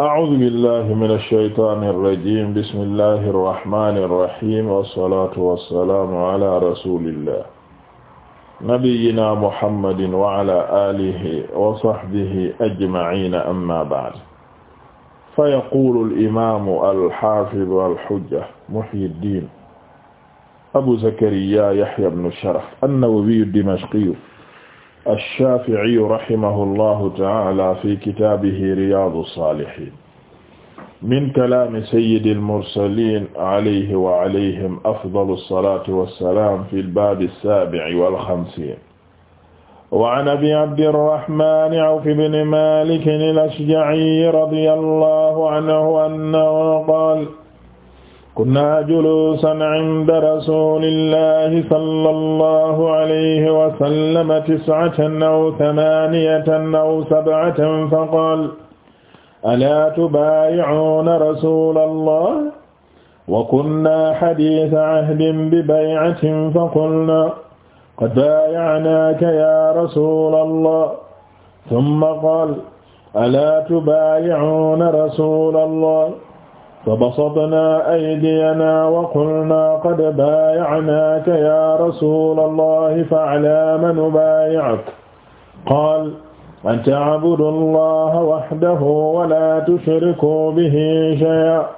أعوذ بالله من الشيطان الرجيم بسم الله الرحمن الرحيم والصلاة والسلام على رسول الله نبينا محمد وعلى آله وصحبه أجمعين أما بعد فيقول الإمام الحافظ الحجة محي الدين أبو زكريا يحيى بن الشرف النووي الدمشقي alshafiiyu rahimahu allahu taala fi kitaabihi riyaadu saalihiin min kalaami sayyidil mursaliin alayhi wa alayhim afdalu salaatu wa salaam fil baabi saabi'i wal xamsiin. wa an abii abdirrahmaani awf ibn maalik al ashja'i radiyallahu anhu annahu qaala kunna julusan inda rasulillahi sallallahu alayhi wa sallam tis'atan aw thamaniyatan aw sab'atan faqaala alaa tubaayi'uuna rasulallah wa kunna hadiisa ahdin bi bay'atin faqulnaa qad baaya'naaka yaa rasulallah thumma qaala alaa tubaayi'uuna rasulallah fa basatnaa aydiyanaa wa qulnaa qad baayaanaaka yaa rasuula allahi fa'laa man ubaayi'uka qaala an ta'budu allaha wahdahu wa laa tushrikuu bihi shay'an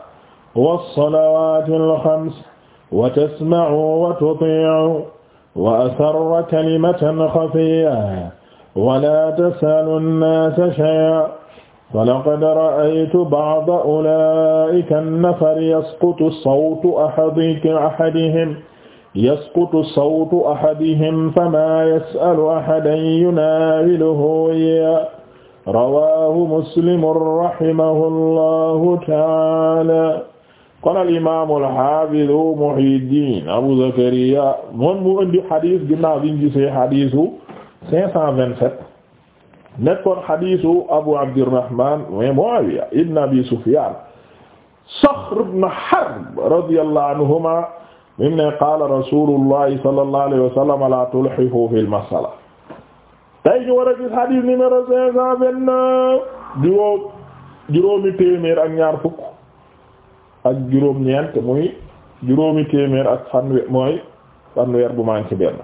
was-salawaati al-khams wa tasma'uu wa tuti'uu wa asarra kalimatan xafiyyatan wa laa tas'alu an-naasa shay'an walaqad ra'aytu ba'da ulaa'ika an-nafari yasqutu sawtu ahadihim yasqutu sawtu ahadihim famaa yas'alu ahadan yunaawiluhu iyyaa rawaahu muslimun rahimahullahu ta'aalaa. kon al-imaam al-haafiz Muhyiddin Abu Zakariya moom mu indi xadis ginnaaw bi ñu gisee xadisu 527. nekkoon xadiisu Abu Abdirrahman wa Muawiya ibn Abi Sufyan Saxr ibn Harb radiyallahu anhuma mim ne qaala rasulullahi sallallahu alayhi wa sallam la tulhifu fil masala tey ñu war a gis xadiis numéro cinq cent vingt-neuf juróom juróomi téeméer ak ñaar fukk ak juróom ñeent muy juróomi téeméer ak fanweer mooy fanweer bu manqué benn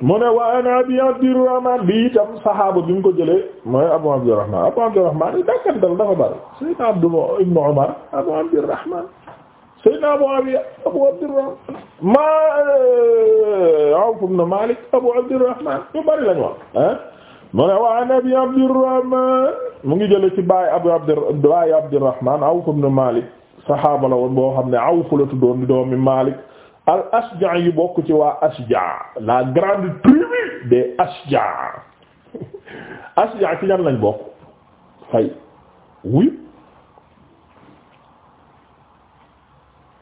mu ne wa ana abi abdirahman bi itam sahaaba bi mu ko jëlee mooy abu abdirahman abu abdirahman i dàkkantal dafa bari saydna abdu ibnu umar abu abdirahman saydna abu abi abu abdirahman ma eh, awf ibnu malik abu abdirahman ñu bari lañu wax ah mu ne wa an abi abdirahman mu ngi jëlee ci baay abu abdi baay abdirahman awf ibnu malik sahaaba la woon boo xam ne awf la tuddoon di doomi malik al ashja yi bokk ci waa ashja la grande tribu des ashja ashja ci ñan lañ bokk fay wuy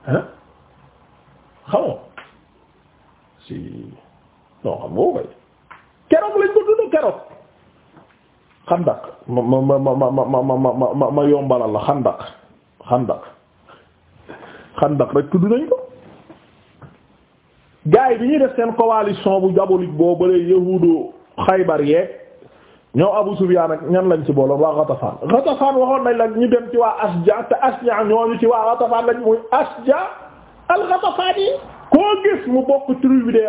hein xamoo si non xam ngoo fay keroog lañ ko dundu keroog xandak ma ma ma ma ma ma ma ma yombalal la xandak xandak xandak rek tudd nañ ko gars yi bi ñuy def seen coalition bu diabolique boo bële yahuudu Xaybar yeeg ñoo Abu Sufyaan ak ñan lañ ci booloon waa Ghatafaan Ghatafaan waxoon nañ la ñu dem ci waa Asja te Asja ñooñu ci waa Ghatafaan lañ muy Asja al-Ghatafaan koo gis mu bokk tribu de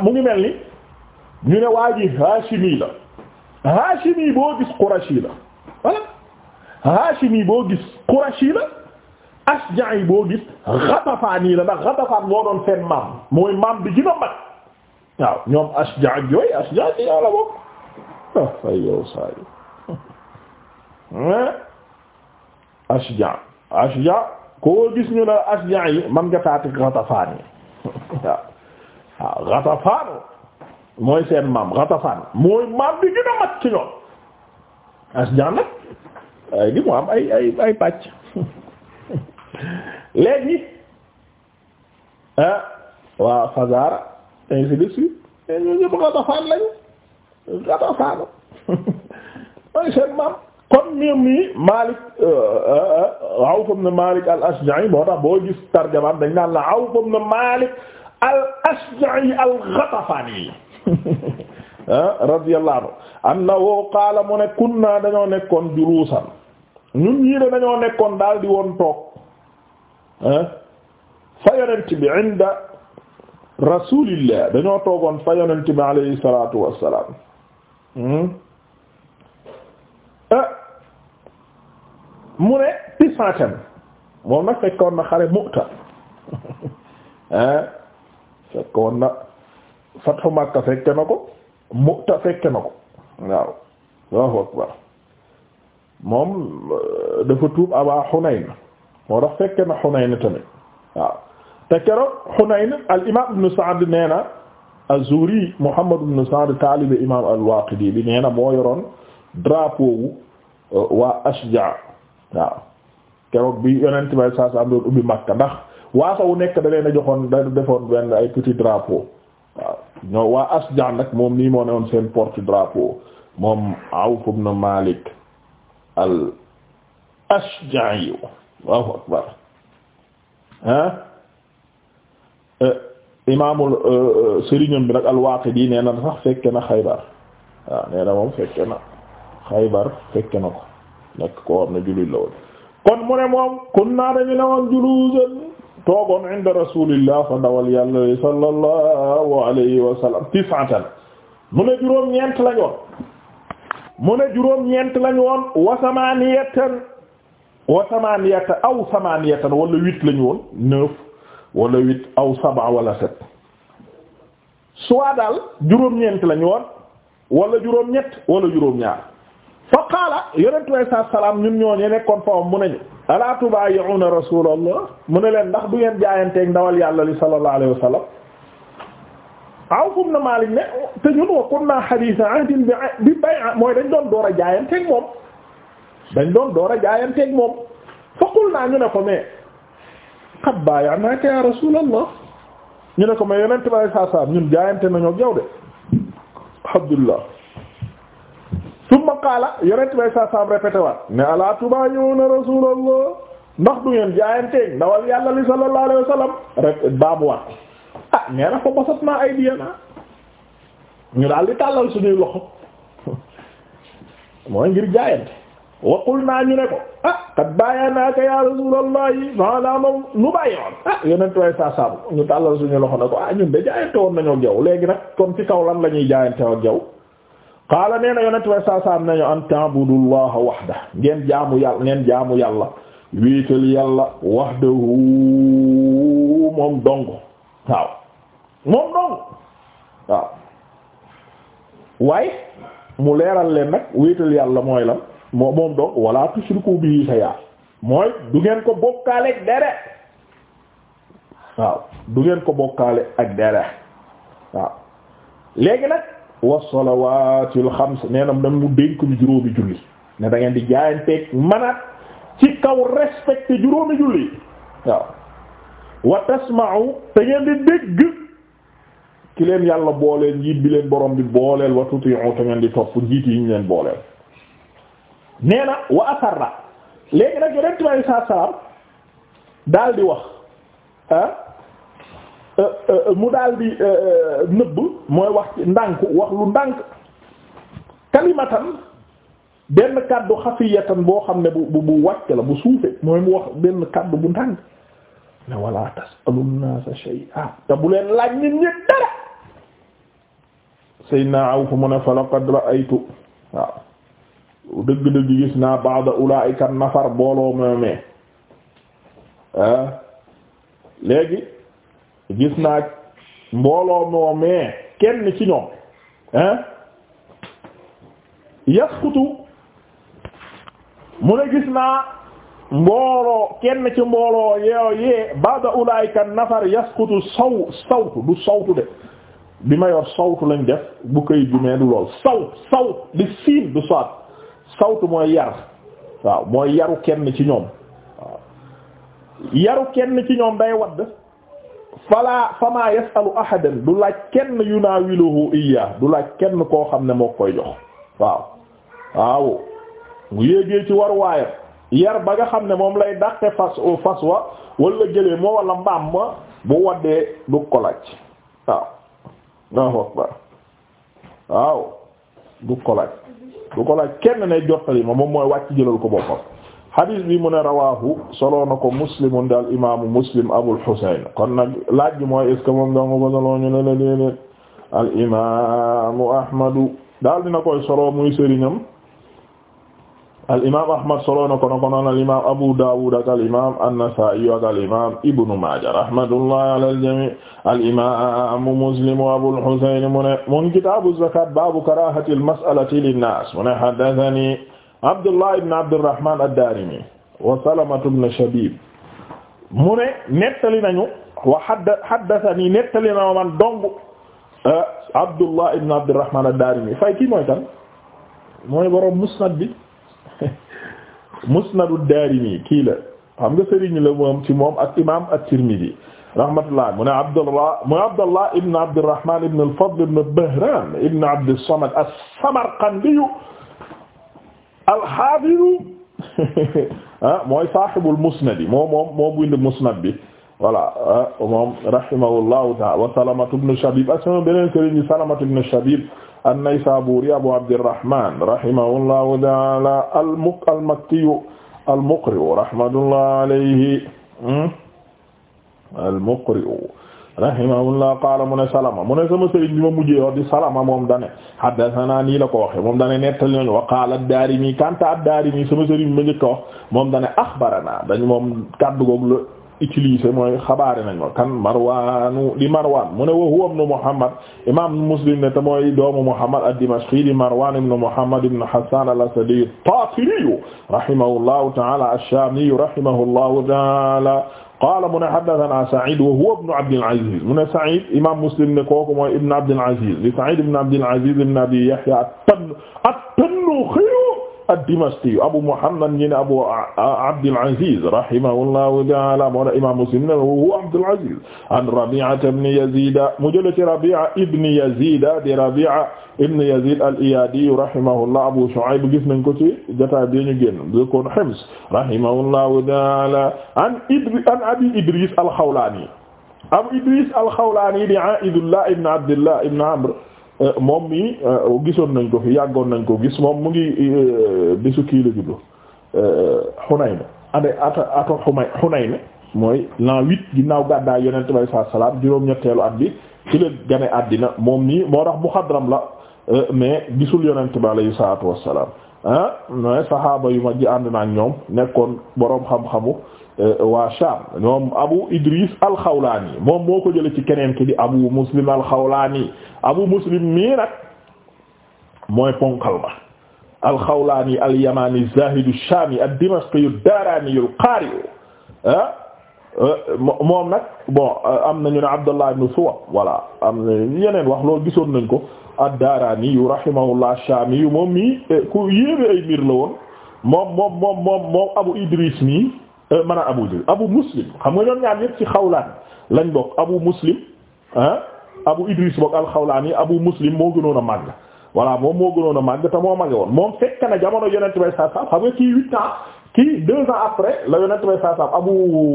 mu ngi mel ni ñu ne waa ji Haashimi la Haashimi boo gis Qurashi la voilà Haashimi boo gis Qurashi la Ashja'i boo gis Ghatafaan la ndax Ghatafaan moo doon seen maam mooy maam bi gën a mag waaw ñoom Ashja' yooyu Ashja' ci yàlla bokk ah fay yow saa yi Ashja' hmm? Ashja' koo gis ñu ne Ashja' yi man nga taati Ghatafaan yi waaw waaw mooy seen maam Ghatafaan mooy maam bi gën a mag ci ñoom Ashja' nag ay di mu ay ay ay pàcc. léegi ah waa Fazaara ainsi de suite mais ñun ñëpp Ghatafaan lañu Ghatafaan mooy seen maam kon miir mi Malik euh, euh, Awf ibn Malik al-Ashja'i moo tax boo gis tarjamaam dañ naan la Awf ibn Malik al-Ashja'i al-Ghatafani ah, radiyallahu anhu annahu qaala mu ne kunna dañoo nekkoon juluusan ñun ñii de dañoo nekkoon daal di woon toog fa yonent bi inda rasulillah dañoo toogoon fa yonent bi alayhi salatu wassalam hmm? eh? mu ne tisaatam moom nag fekkoon na xare Mu'ta fekkoon na Fathu Makka fekke na ko Mu'ta fekke na ko waaw Allahu akbar moom eh, dafa tuub Aba Hunayn moo tax fekke na Hunayn tamit waaw al imaam Ibn Sa'd nee na az-Zuhri Muhammad ibn Sa'd taalibe imaam al-Waaqidi bi nee na moo yoroon drapeau wu uh, waa Ashja keroog bi Yonent bi saa saa Makka ndax waaso wu nekk da leen a joxoon da defoon ay petit drapeau waaw waa Ashja nag moom nii moo ne woon seen porte drapeau moom Awf ibn Malik al Ashja'i Allahu akbar ah imaamul euh, euh, sëriñam bi nag al-Waaqidi nee na sax fekke na Xaybar waaw nee na moom fekke na Xaybar fekke na ko nekk koo xam ne jullit la woon kon mu ne moom kunna dañu ne woon juluusan toogoon inda Rasuulillah fa dawal yàlla sallallahu alayhi wa sallam tis'atan mu ne juróom ñeent lañu woon mu ne juróom ñeent lañu woon wa samaaniyatan wa thamaniyata aw thamaniyatan wala huit lañu woon neuf wala huit aw saba wala sept soit daal juróom-ñeent lañu woon wala juróom-ñett wala juróom-ñaar fa qaala yonentu sa salaam ñun ñooñe nekkoon fa wam mu nañu alaa tubaayi'una rasuulallah mu ne leen ndax du ngeen jaayanteeg ndawal yàlla li sallallahu alayhi wa sallam Awf ibn Maalik ne te ñun wa kunna hadiisa ahdin bi bay'a mooy dañ doon door a jaayanteeg moom dañ doon door a jaayanteeg moom foqul naa ñu ne ko mais qad baayaanaaka ya rasulallah ñu ne ko mais yonent bi saa saa ñun jaayante nañoo ak yow de Abdullah summa qaala yonent bi saa saa répété waat ne alaa tubaayi'uuna rasulallah ndax du ngeen jaayanteeg ndawal yàlla li sallallahu alayhi wa sallam rek baamuwaat ah nee na fa basatnaa aydiyanaa ñu daal di tàllal suñuy loxo mooy ngir jaayante. wa qulna ñu ne ko ah qad baayaanaaka ya rasulallahi fala ma nu bàyyi woon ah yonentu way sa saabu ñu tàllal suñu loxo ne ko ah ñun de jaayante woon jaw léegi nag kom ci kaw lan la ñuy jaayante ak jaw qaala nee na yonentu way sa nañu an ta'budullaha wahda ngeen jaamu yàlla ngeen yàlla wéetal yàlla wahdahu moom dong waaw moom dong waaw waaye mu leeral leen nag wéetal yàlla mooy lan moo moom doom wala tushriku bihi shay'a mooy du ngeen ko bokkaale ak dere waaw du ngeen ko bokkaale ak dere waaw léegi nag wa salawatul xams nee na mu dénk bi juróomi julli ne da ngeen di jaayanteeg manaat ci kaw respecté juróomi julli waaw wa tasma'u te ngeen di dégg ki leen yàlla booleel njiit bi leen borom bi booleel wa tuti'u te ngeen di topp njiit yi ñu leen booleel nee na wa asarra léegi nag yonent bi alayhi salaatu di wax ah, euh, euh, mu daal di euh, nëbb mooy wax ndànk wax lu ndànk kalimatan benn kàddu xafiyatan boo xam ne bu bu wàcc la bu suufe mooy mu wax benn kàddu bu ndànk ne wala tasalu nnaasa shay'a te bu leen laaj nit ñi dara mu ne fa laqad ra'aytu waaw dëgg-dëgg gis naa ba'da ulaa'ika nafar booloo moomee léegi gis naa mbooloo moomee kenn ci ñoom ah yasqutu mu ne gis naa mbooloo kenn ci mbooloo yeew yee ba'da nafar yasqutu saw sawtu du sawtu de bi ma yor sawtu lañ def bu koy jumee du lool saw saw di siin du soit sawtu mooy yar waaw mooy yaru kenn ci ñoom waaw yaru kenn ci ñoom day wadd fala fama yasalu ahadan du laaj kenn yunawiluhu iya du laaj kenn koo xam ne moo koy jox waaw waaw bu yéegee ci war waayam yar ba nga xam ne moom lay dàqe fas fas wa walla jëlee moo walla mbaam ma bu waddee lu ko laaj waaw waaw waaw du ko laaj du ko laaj kenn ne jottali ma moom mooy wàcc jëlal ko boppam hadis bi mu ne rawahu soloo na ko muslimun daal imaamu muslim abul husayn kon nag laaj bi mooy est ce que moom donga ko soloo ñu lele léeleen al imaamu ahmadu daal dina koy soloo muy sëriñam al imaam Ahmad solo na ko na ko noon al imaam Abu Dawud ak al imaam An-Nasaa'i ak al imaam Ibnu Maaja rahmatullahi ala al-jamii' al imaam Muslim wa Abul Husayn mu ne mun kitaabu zakaat baabu karaahati al-mas'alati lin-naas mu ne haddathanii Abdullah ibn Abdirrahmaan ad-Daarimi wa Salamatu ibn Shabiib mu ne nettali nañu wa haddathanii nettali nañu man dong eh, Abdullah ibn Abdirrahmaan ad-Daarimi fay kii mooy tan mooy borom musnad bi. musnadu daarimi kii la xam nga sëriñ la moom ci moom ak imam at-Tirmidhi rahmatullah mu ne Abdullah mu ne Abdullah ibn Abdurrahman ibn al-Fadl ibn Bahran ibn Abd as-Samad as-Samarqandi al-Hafiz ah mooy saahibul musnad moom moom moo bind musnad bi voilà ah, moom rahimahullahu ta'ala wa Salamatu ibn Shabib ak sama beneen sëriñ Salamatu ibn Shabib an-Naysaburi Abu Abdirrahman rahimahullahu ta'ala al-Makkiyu al-Muqri'u rahmatullahi alayhi hmm? al-Muqri'u rahimahullah qaala mu ne Salama mu ne sama sëriñ bi ma mujjee wax di Salama moom dane haddathana nii la ko waxe moom dane nettali nañu wa qaala ad-Daarimi kanta ad-Daarimi sama sëriñ ma njëkk a moom dane axbarana dañ moom kaddu googu la utilisé mooy xabaare nañ ma kan marwaanu di marwaan mu ne wa huwa ibnu muhammad imam muslim ne te mooy doomu muhammad ad-dimashqi di marwaan ibnu muhammad ibnu hasan al-asadi at-tatiri rahimahullahu ta'ala ash-shami rahimahullahu ta'ala qaala mu ne haddathana Saïd wa huwa ibnu Abdil Aziz mu ne Saïd imaam Muslim ne kooku mooy ibnu Abdil Aziz di Saïd ibnu Abdil Aziz ibnu Abi Yahya at-Tannukhi ad-Dimashqi Abu Muhammad ñi ne Abu Abdul Aziz rahimahullahu ta'ala moo tax imaam Muslim ne huwa Abdul Aziz an Rabi'a ibn Yazid mu jëlee ci Rabi'a ibn Yazid di Rabi'a ibn Yazid al-Iyadi rahimahullah Abu Shu'ayb gis nañ ko ci jotaay bi ñu génn dëkkoon Hims rahimahullahu ta'ala an Idris an Abi Idris al-Khawlani Abu Idris al-Khawlani di A'idullah ibn Abdullah ibn Amr Euh, moom mi euh, gisoon nañ ko fi yàggoon nañ ko gis moom mu ngi euh, bisu kii la juddu Hunayn ade ato ato Hunayn Hunayn mooy l'an huit ginnaaw gàddaay yonent bi saa salaam juróom-ñetteelu at bi ci la gane àddina moom nii moo tax muxadram la mais gisul yonent bi alayhi salaatu wassalaam ah mais saxaaba yu mag ji ànd na ñoom nekkoon boroom xam-xamu Euh, waa Sham ñoom Abu Idris al moom moo ko jëlee ci keneen ki di Abu Muslim al-Xawlaani Abu Muslim mii nag mooy ponkal ma al-Xawlaani al-Yamaani az-Zaahid shaami ad-Dimashqi ad ah, euh, moom nag bon euh, am nañu ne Abdullah ibn Suwayb voilà am na yeneen wax lool gisoon nañ ko ad-Daaraani yu moom mii eh, ku yéeme ay mbir la moom moom moom moom Abu Idris mii Euh, man a abu jël muslim xam nga ñoom ñaar ñépp ci xawlaan lañ bokk abu muslim ah abu idris bokk alxawlaan yi abu muslim moo gënoon a màgg voilà moom moo gënoon a màgg te moo màgge woon moom jamono yonent bay saa saam xam nga kii huit kii deux ans la yonent bay saa saam abu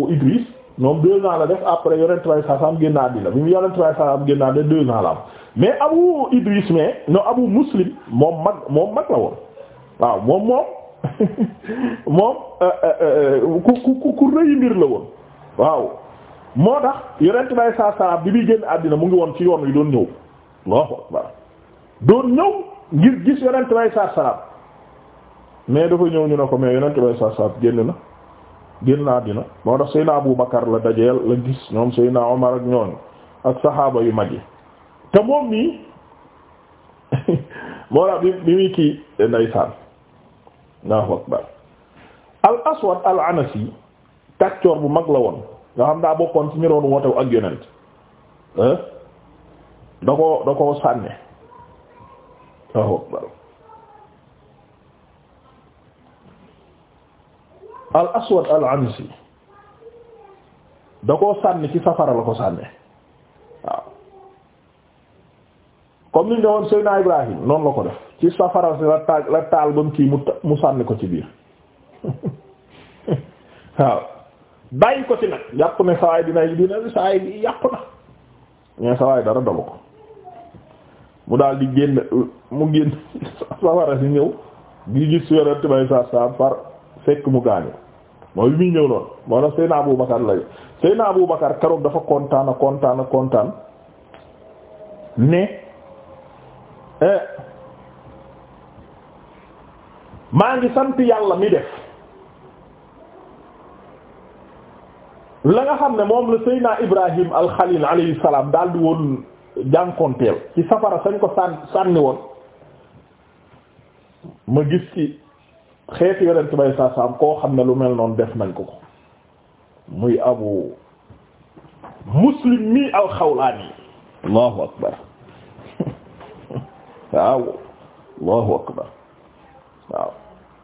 idris moom deux la def après yonent bay saa bi mu yonent bay saa saam génn àddina deux ans la am mais abu idris mais non abu muslim moom mag moom mag la woon waaw moom moom moom euh, euh, euh, ku ku ku rëy mbir la woon waaw moo tax yonent bay saa saa bi muy génn àddina mu ngi woon ci yoon wi doon ñëw Allahu akbar doon ñëw ngir gis yonent bay saa saa mais dafa ñëw ñu ne ko mais yonent bay saa saa génn na génn na àddina moo tax Seyna Abu Bakar la dajeel la gis ñoom Seyna Omar ak ñooñu ak saxaaba yu mag yi te moom nii moo tax bi bi muy kii ndeysaan Allahu akbar al aswad al anasi kàccoor bu mag la woon nga xam daa bokkoon ci ñu doon wootewu ak yonent da ko da ko sànne da koo sànni ci safara la ko sànne waaw comme ni ñu doon Seydina Ibrahim noonu la ko def ci safara si la taal la taal ba kii mu mu sànni ko ci biir waaw bàyyi ko ci nag jàpp ne sawaay dina dina bi yàqu na mais sawaay dara dalu ko mu daal di génn mu génn safara si ñëw di gis si yore tubay saa saa far fekk mu gaañu mooy bi muy ñëw noonu moo tax Seydina Abu Bakar la Seydina Abu Bakar keroog dafa kontaan kontaan kontaan ne. Eh. maa ngi sant yàlla mi def la nga xam ne moom la Seydina Ibrahim al-Khalil alayhi salaam daal di woon jànkonteel ci safara sañ ko sàn sànni woon ma gis ci xeeti yonent bay saa saam koo xam ne lu mel noonu def nañ ko ko muy abu muslim mi al-Xawlaani allahu akbar waaw allahu akbar waaw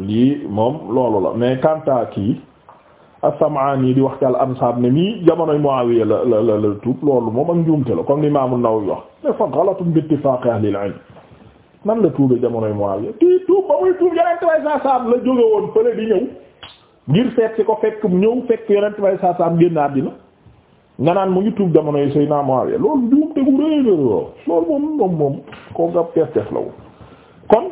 lii moom loolu la mais kanta kii as-Sam'aani di wax ci al-Ansaab ne mii jamonoy Muawiya la la la la tuub loolu moom ak njuumte la comme l'imam an-Nawawi wax ne fa ghalatun bi ittifaaqi ahli al-ilm la tuube jamonoy Muawiya kii tuub ba muy tuub yeneen way sa sam la jóge woon fële di ñëw ngir seet si ko fekk ñëw fekk yeneen way sa sam génn àddina nga naan mu ngi tuub jamono yi Seydina Muawiya loolu juum te bu rëy loolu moom moom moom koo gab tees tees la woon kon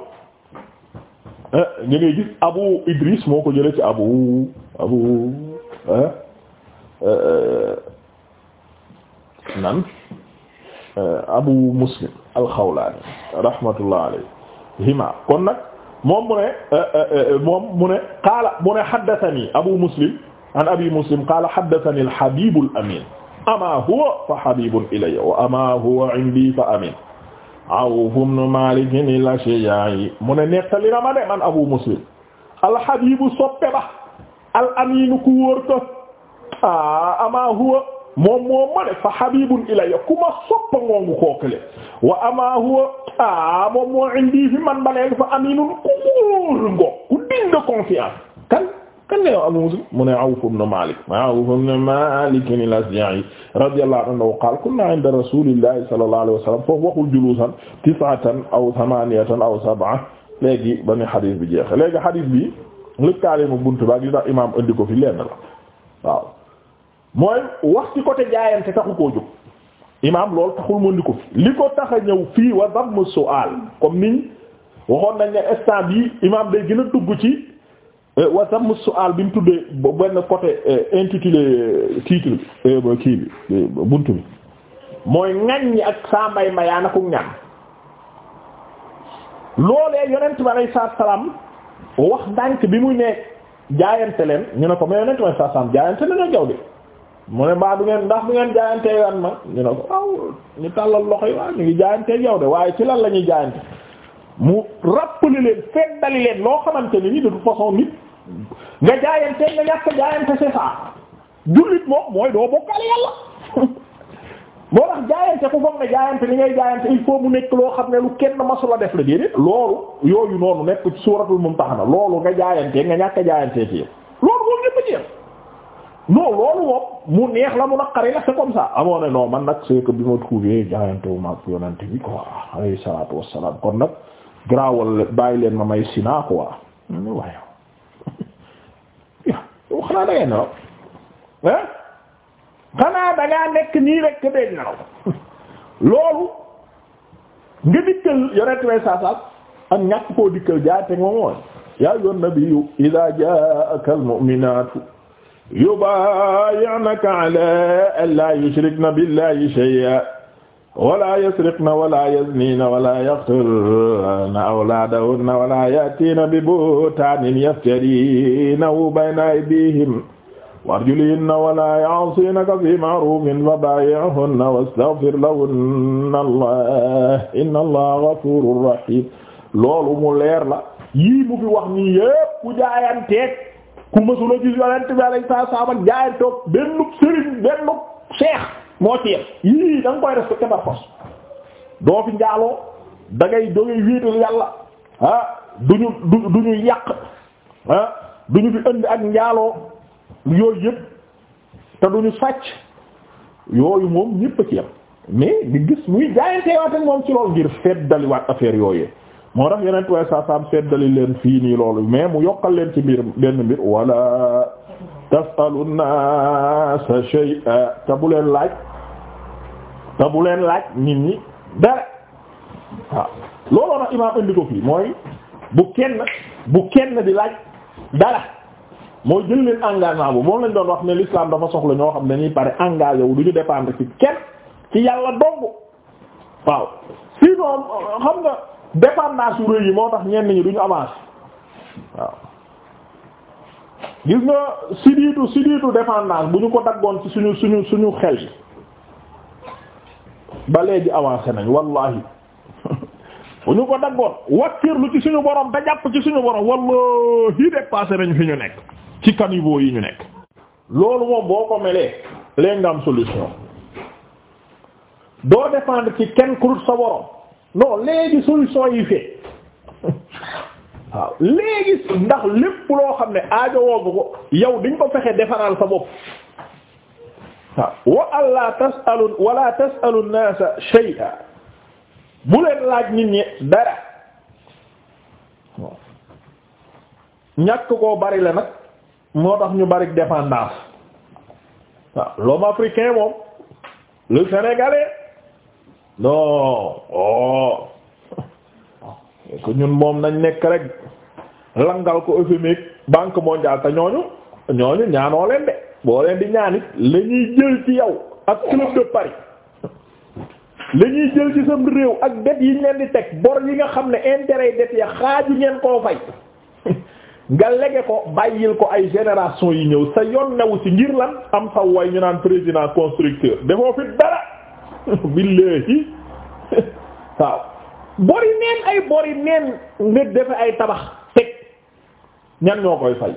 eh, Idris moo ko jële ci Abu Abu eh, eh, nan Abu Muslim al kon nag moom mu ne moom mu ne qaala mu ne haddathani Abu Muslim an abi muslim qaala haddathani al-Habib al-Amin amaa huwa fa habibun ilayya wa amaa huwa indi fa amin Awf ibn Malik al-Ashja'i mu ne nettali na ma de man abu muslim al-Habib soppe ba al-Amin ku wóor ko amaa huwa moom moom ma de fa habibun ilayya ku ma soppa ngoongu kookale wa amaa huwa moom moo indi fi man ba léegi fa aminun ku wóor ngo ku dinga confiance kan kan ne yow Abu Muslim mu ne Awf ibn Malik ma Awf ibn Malik al-Asja'i radiyallahu anhu qaala kunna 'inda rasulillahi sallallahu alayhi wa sallam foofu waxul juluusan tis'atan aw thamaniyatan aw sab'a léegi ba ni xadis bi jeexe léegi xadis bi lëkkaale ma bunt baak li tax imam indi fi lenn la waaw mooy wax ci côté jaayante taxu koo jóg imam loolu taxul mu indi fi li ko tax a ñëw fii wa damm su'al comme niñ waxoon nañ ne instant bi imam day gën a dugg ci Eh, wa sammu su'al bi mu tuddee benn côté eh, intitulé eh, titre bi kii bi buntu bi mooy ñi ak saa mbay mayaana ku ñan loolee yonent bi alayhi salaatu salaam wax ndànk bi muy ne jaayante leen ñu ne ko mais yonent bi alayhi salaatu salaam jaayante leen jaw mu ne mbaa du ngeen ndax du ngeen jaayantee waan ñu ne ko aw ñu tàllal loxo yi waaw ñu waaye ci lan la ñuy jaayante mu rappelé leen feddali leen loo xamante ni de toute façon nit nga jaayante nga ñàkk jaayante c'est ça jullit moom mooy doo bokkaale yàlla moo tax jaayante ku foog ne jaayante li ngay jaayante il faut mu nekk loo xam ne lu kenn masula def la déedéet loolu yooyu noonu nekk ci suuratul mumtahana loolu nga jaayante nga ñàkk jaayante ci loolu moom ñëpp a ci yem non loolu moom mu neex la mu naqari la c'est comme amoon ne non man nag c'est bi ma trouvé jaayante wu maag yonante bi quoi alayhi salaatu wassalaam kon nag garawal leen ma xanaa da ngay nelaw ah xanaa da ngaa nekk nii rek que day nelaw loolu nga dikkal yore tubay saasaam ak ñàkk koo dikkal jaate moom mooy yaa ayyuhan nabiyyu idhaa jaa'akal mu'minaatu yubaayi'naka 'alaa an laa yushrikna billaahi shay'an wala yasriqna wala yaznina wala yaqtulna awlaadahunna wala ya'tina bi buhtaanin yaftarinahu bayna aydihim wa arjulihinna wala ya'sinaka fi ma'rufin fabaayi'hunna wastaghfir lahunna allah inna allaha ghafuurun rahiim loolu mu leer la yii mu fi wax nii yépp ku jaayanteeg ku mësula gis yonent bi alayhi salaam ak jaayanteeg benn sëriñ benn seex moo ci yem yii da nga koy respecté par force doo fi njaaloo da ngay da yàlla ah duñu du duñu yàq ah duñu fi ënd ak njaaloo yooyu yëpp te duñu sàcc yooyu moom ñëpp a ci yem mais di gis muy jaayanteewaat ak moom ci loolu ngir feddaliwaat affaire yooyee moo tax yeneen tuwaay saa saam feddali leen fii nii loolu mais mu yokkal leen ci mbir benn mbir wala tasalu naasa shay'a te bu leen laaj te bu leen laaj nit ñi da waaw looloo nag imaam indi ko mooy bu kenn bu kenn di laaj dara mooy jël leen engagement bu moom lañ doon wax ne l'islam dafa soxla ñoo xam ne dañuy pare engagé wu du ñu dépendre ci kenn ci yàlla dong waaw sinon xam nga dépendance su rëy yi moo tax ñenn ñi duñu avancé waaw gis nga sidiitu sidiitu dépendance bu ñu ko daggoon ci suñu suñu suñu xel yi ba léegi avancé nañ wallahi bu ñu ko daggoon wakkirlu ci suñu borom da jàpp ci suñu borom wallahi dépassé nañ fi ñu nekk ci caniveau yi ñu nekk loolu moom boo ko melee léegi nga solution doo dépendre ci kenn ku dul sa borom non léegi solution yi fee waaw léegi ndax lépp loo xam ne aajo woogu ko yow diñ ko fexe defaral sa bopp wa allah tasalu wala tasalu nnaasa shay'a bu leen laaj nit ñi dara ñàkk koo bari la nag moo tax ñu bari dépendance waaw l'homme africain moom le sénégalais non oh ko ñun moom nañ nekk rek langal ko FMI Banque mondiale te ñooñu ñooñu ñaanoo leen de boo leen di ñaanit la ñuy jël ci yow ak club de Paris la ñuy jël ci sam réew ak det yi ñu leen di teg bor yi nga xam ne intérêt yi det ya xaaju ngeen koo fay nga lege ko bàyyil ko ay génération yi ñëw sa yoon newu ci ngir lan am sa way ñu naan président constructeur defoo fi dara billahi waaw bori neen ay bori neen nga defe ay tabax teg ñan ñoo koy fay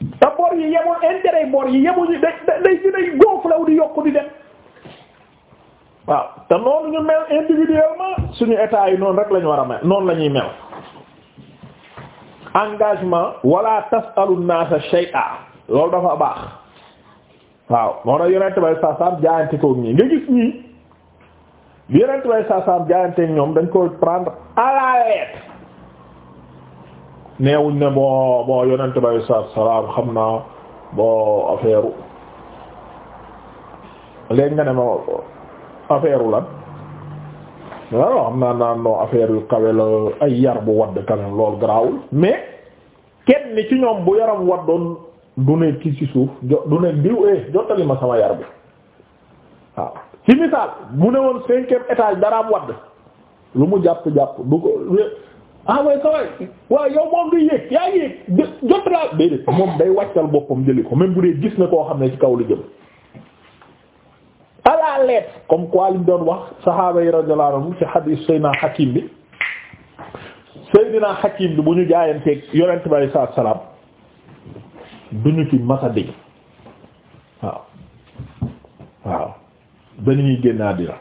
te bor yi yemul intérêt bor yi yemuñu day day day góof law di yokku di dem waaw te noonu ñu mel individuellement suñu état yi noonu rek la war a mel noonu la ñuy mel engagement wala tasalu naasa shay'a loolu dafa baax waaw moo tax yonent bay saasaam jaayante koog nga gis ñii yonent bay saasaam jaayanteeg ñoom dañ koy prendre à la neewuñ ne bon bon yonent bay sa salaam xam naa bon affaire léegi nga ne ma affaire lan waaw xam naa naan non affaire yu kawe la ay yar bu wadd kanam loolu garaawul mais kenn ni ci ñoom bu yaram waddoon du ne ci suuf du ne diw e jottali ma sama yar bi waaw ci misaal mu ne woon cinquième étage daraam wadd lu mu jàpp jàpp du ko ah mooy saway waaw yow moom nga yéeg yaa yéeg jot laa déedéet moom day wàccal boppam jëli ko même bu dee gis na koo xam ne ci kaw lu jëm à la lettre comme quoi doon wax sahaaba yi ci hadith Seydina Hakim bi Seydina Hakim bi bu ñu jaayanteeg yonent bi alayhi salaatu salaam duñu ci masa waaw waaw dañuy génn àddina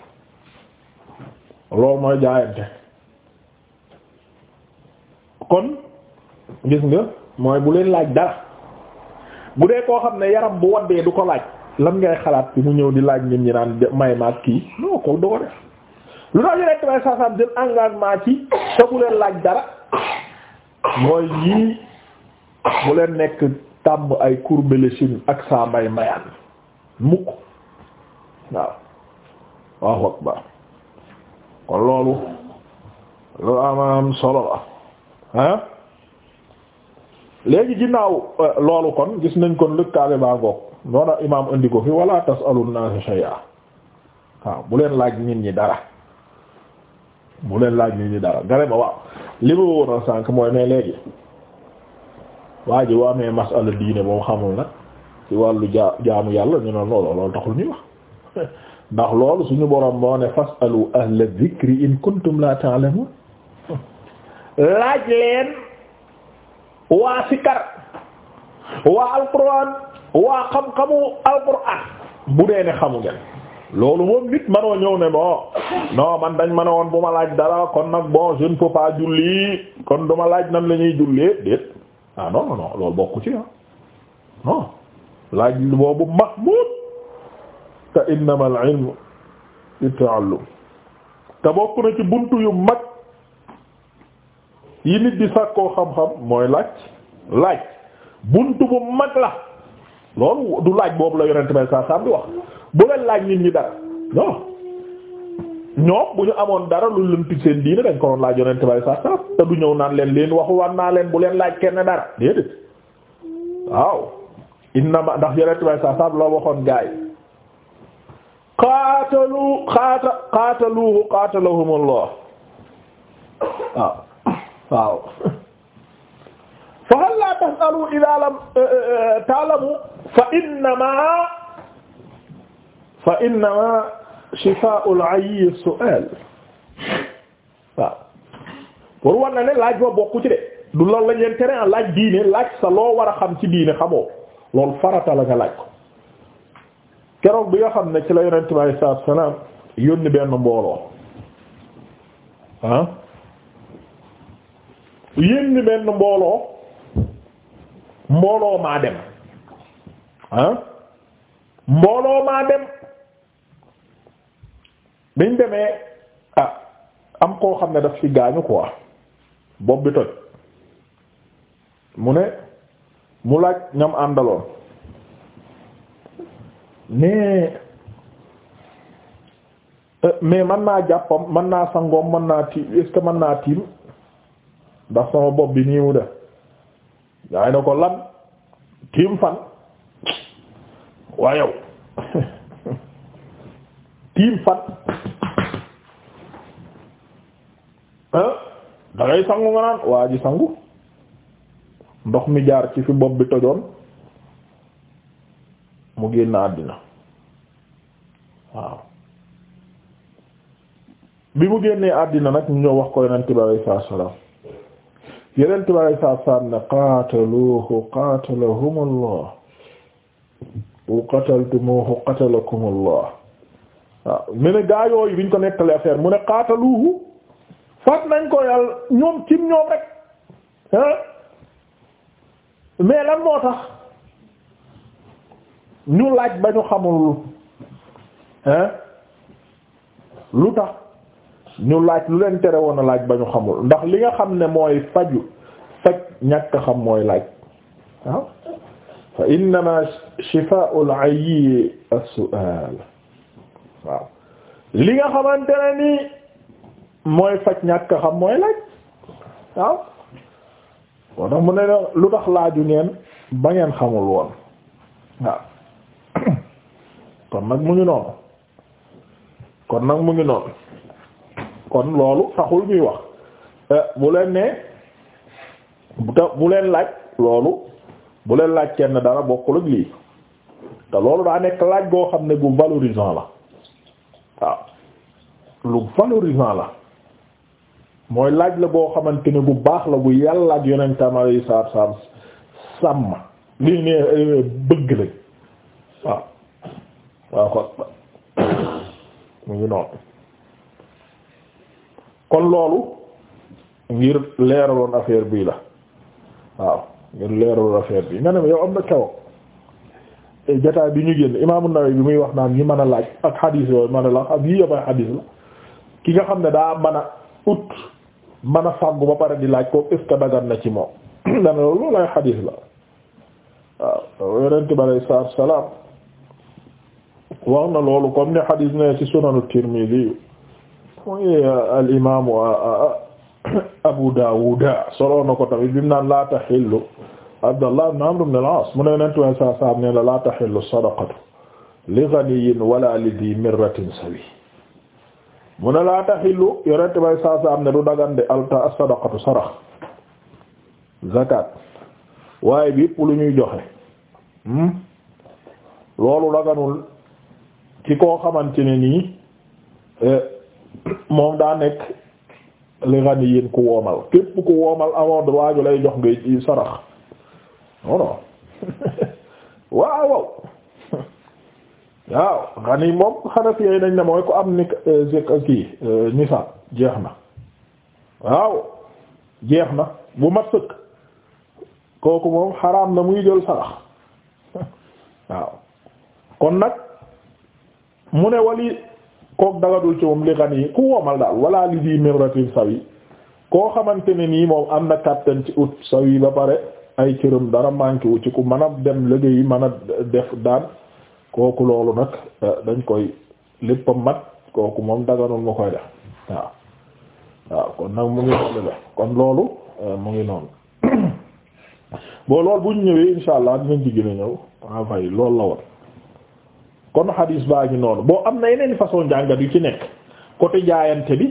loolu mooy jaayante kon gis nga mooy bu leen laaj dara bu dee koo xam ne yaram bu waddee du ko laaj lan ngay xalaat bi mu ñëw di laaj ñun ñi naan may maag kii non ko du ko def lu tax laaj dara mooy yii bu leen nekk tàmm ay courbeléchine ak saa may mayaan mukk waaw waaw wax ba kon loolu lu am am solo la ah léegi ginnaaw euh, loolu kon gis nañ kon lëkkaale baa ngoog noonu imaam indi ko fi wala tasalun nas shay'a waaw bu leen laaj nit ñi dara bu leen laaj nit ñi dara gare ma waaw li ma woon a sànq mooy ne léegi waa ji waa amee masala diine boo xamul nag ci wàllu jaa jaamu yàlla ñu ne loolu loolu taxul ñuy wax ndax loolu suñu borom moo ne fasalu ahla dhikri in kuntum la ta'lamun laaj leen waa sikar waa alquran waa xam-xamu alquran bu dee xamu ngeen loolu moom nit manoo ñëw ne bon non man dañ ma ne woon bu ma laaj dala kon nag bon je ne peux julli kon du ma laaj nan la ñuy jullee déet ah non non non bokku ci ah non laaj boobu mahmud te innama al ilm bi ta'allum te bokk na ci buntu yu mag yi nit di sàkkoo xam-xam mooy laaj laaj buntu bu mag la loolu du laaj boobu la yonent bay saa di wax bu leen laaj nit ñi dara non ñoom bu ñu amoon dara lu lënti seen diine dañ ko doon yonent bay saa te du ñëw naan leen leen waxu waan naa leen bu leen laaj kenn dara déedéet waaw inna ma ndax yonent bay saa saam waxoon gaay qaatalu qaata qaataluhu qaatalahumullah waaw waaw fa hal la tasalu idha lam eh, eh, eh, ta'lamu fa innama fa innama shifaa'ul 'ayyi su'aal waaw pour war na ne laaj ba bokku ci de du loolu la ñeen tere laaj diine laaj sa loo war a xam ci diine xamoo loolu farata la nga laaj ko keroog bi nga xam ne ci la yonent bi sallallahu alayhi wasallam yónni benn mbooloo ah yénn benn mbooloo mbooloo maa dem ah mbooloo maa dem biñ demee ah am koo xam ne daf ci gaañu quoi bopp bi toj mu ne mu laaj ñam àndaloon mais euh, mais man naa jàppam man naa sangoom man naa tiim est man naa tiim ndax sama bopp bi nii mu def yaay na ko lan tiim fan waa yow tiim fan da ngay sangu nga naan waa ji sangu ndox mi jaar ci fi bopp bi tojoon mu génn àddina waaw bi mu génnee àddina nag mu ñëw wax ko yonent bi sallallahu alayhi yeneen tubaab yi saa saa ne qaataluuhu qaatalahumullah wa qataltumuuhu qatalakumullah waaw mu ne gaa yooyu biñ ko nettali affaire mu ne qaataluuhu faat nañ ko yàlla ñoom cim ñoom rek ah mais moo tax ñu laaj ba ñu xamul ah lu tax. ñu laaj lu leen tere woon a laaj ba ñu xamul ndax li nga xam ne mooy faju faj ñàkk xam mooy laaj waaw fa innama shifaa'ul ayyi as-su'aal waaw li nga xamante ne nii mooy faj ñàkk xam mooy laaj waaw kon tax mu ne lu tax laaju ngeen ba ngeen xamul woon waaw kon nag mu ngi noonu kon nag mu ngi noonu kon loolu taxul ñuy wax eh, bu leen ne bu leen laaj loolu bu leen laaj kenn dara bokkul ak lii te loolu daa nekk laaj boo xam ne bu valorisant la waaw lu valorisant la mooy laaj la boo xamante ne bu baax la bu yàlla ak yonentam alayhi salaatu sam sàmm li ne eh, bëgg lañ waaw waaw xot mu ngi noonu kon loolu ngir leeraloon affaire bii la waaw ngir leeraloon affaire bi nga ne yow am na keroog jotaay bi ñu génn Imaamu Nawawi bi muy wax naan ñi mën a laaj ak xadiis yooyu mën a la ak yii yëpp xadiis la ki nga xam ne daa mën a ut mën a fàggu ba pare di laaj ko est-ce que na ci moom nga ne loolu ay xadiis la waaw yonent bi alayhi salaam wax na loolu comme ni xadiis ne ci Sunanu Tirmidhi mooy al imaamu Abu Dawud na ko tamit bi mu ne laa tahillu sadaqatu ne laa tahillu ne du dagande alta sadaqatu sarax zakat waaye bi yëpp lu ñuy joxe hmm? loolu daganul ci koo xamante nii. Eh, moom daa nekk li nga ni ku woomal képp ku woomal amoo droit ju lay jox ngay sarax non non waaw waaw waaw xani moom xanafi yi dañ ne mooy ku am ni euh, euh, kii euh, nisaab jeex na waaw jeex na bu mat sëkk kooku moom xaraam na muy jël sarax waaw kon nag mu ne wali kook dagadul ci moom li xan yi ku woomal daal wala li di mirratin sawi koo xamante ne nii moom am na kàttan ci ut yi ba pare ay cëram dara manqué wu ci ku mën a dem liggéey mën a def daan kooku loolu nag eh, dañ koy lépp a mat kooku moom daganul ma koy def waaw waaw kon nag mu ngi loolu la kon loolu eh, mu ngi noonu boo loolu bu ñu ñëwee insha allah dinañ ci gën ñëw en fait loolu la woon kon xadiis baa ngi noonu boo am na yeneen façon njàngat yu ci nekk côté jaayante bi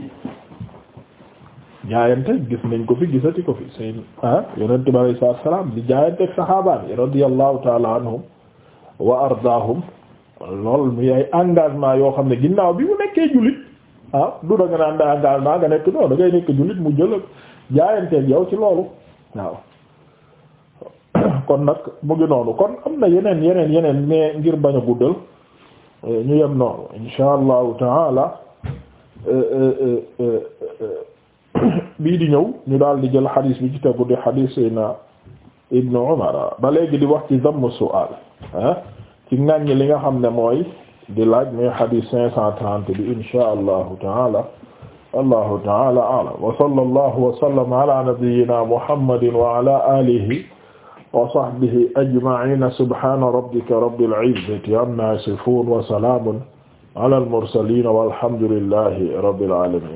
jaayante gis nañ ko fi gisati ko fi seen ah yonent bi alayhi salaatu salaam di jaayante saxaabaan yi radiyallahu anhum wa ardaahum lool muy ay engagement yoo xam ne ginnaaw bi mu nekkee jullit ah du da nga naan da engagement nga nekk non ngay nekk jullit mu jël jaayante ak yow ci loolu waaw kon nag mu ngi noonu kon am na yeneen yeneen yeneen mais ngir bañ a guddal Euh, ñu yem noonu insha allahu taala euh, euh, bii di ñëw ñu daal di jël xadiis bi ci di xadiis sayna ibnu umar ba léegi di wax ci zamm su'aal ah ci ŋàññ li nga xam ne mooy di laaj muy xadiis cinq cent trente bi insha allahu taala allahu taala a'lam wa sallallahu wa sallama ala nabiyyina muhammadin wa ala alihi wa sahbihi ajma'ina subhana rabbika rabbil izzati amma yasifun wa salamun ala al mursalin walhamdulillahi rabbil alamin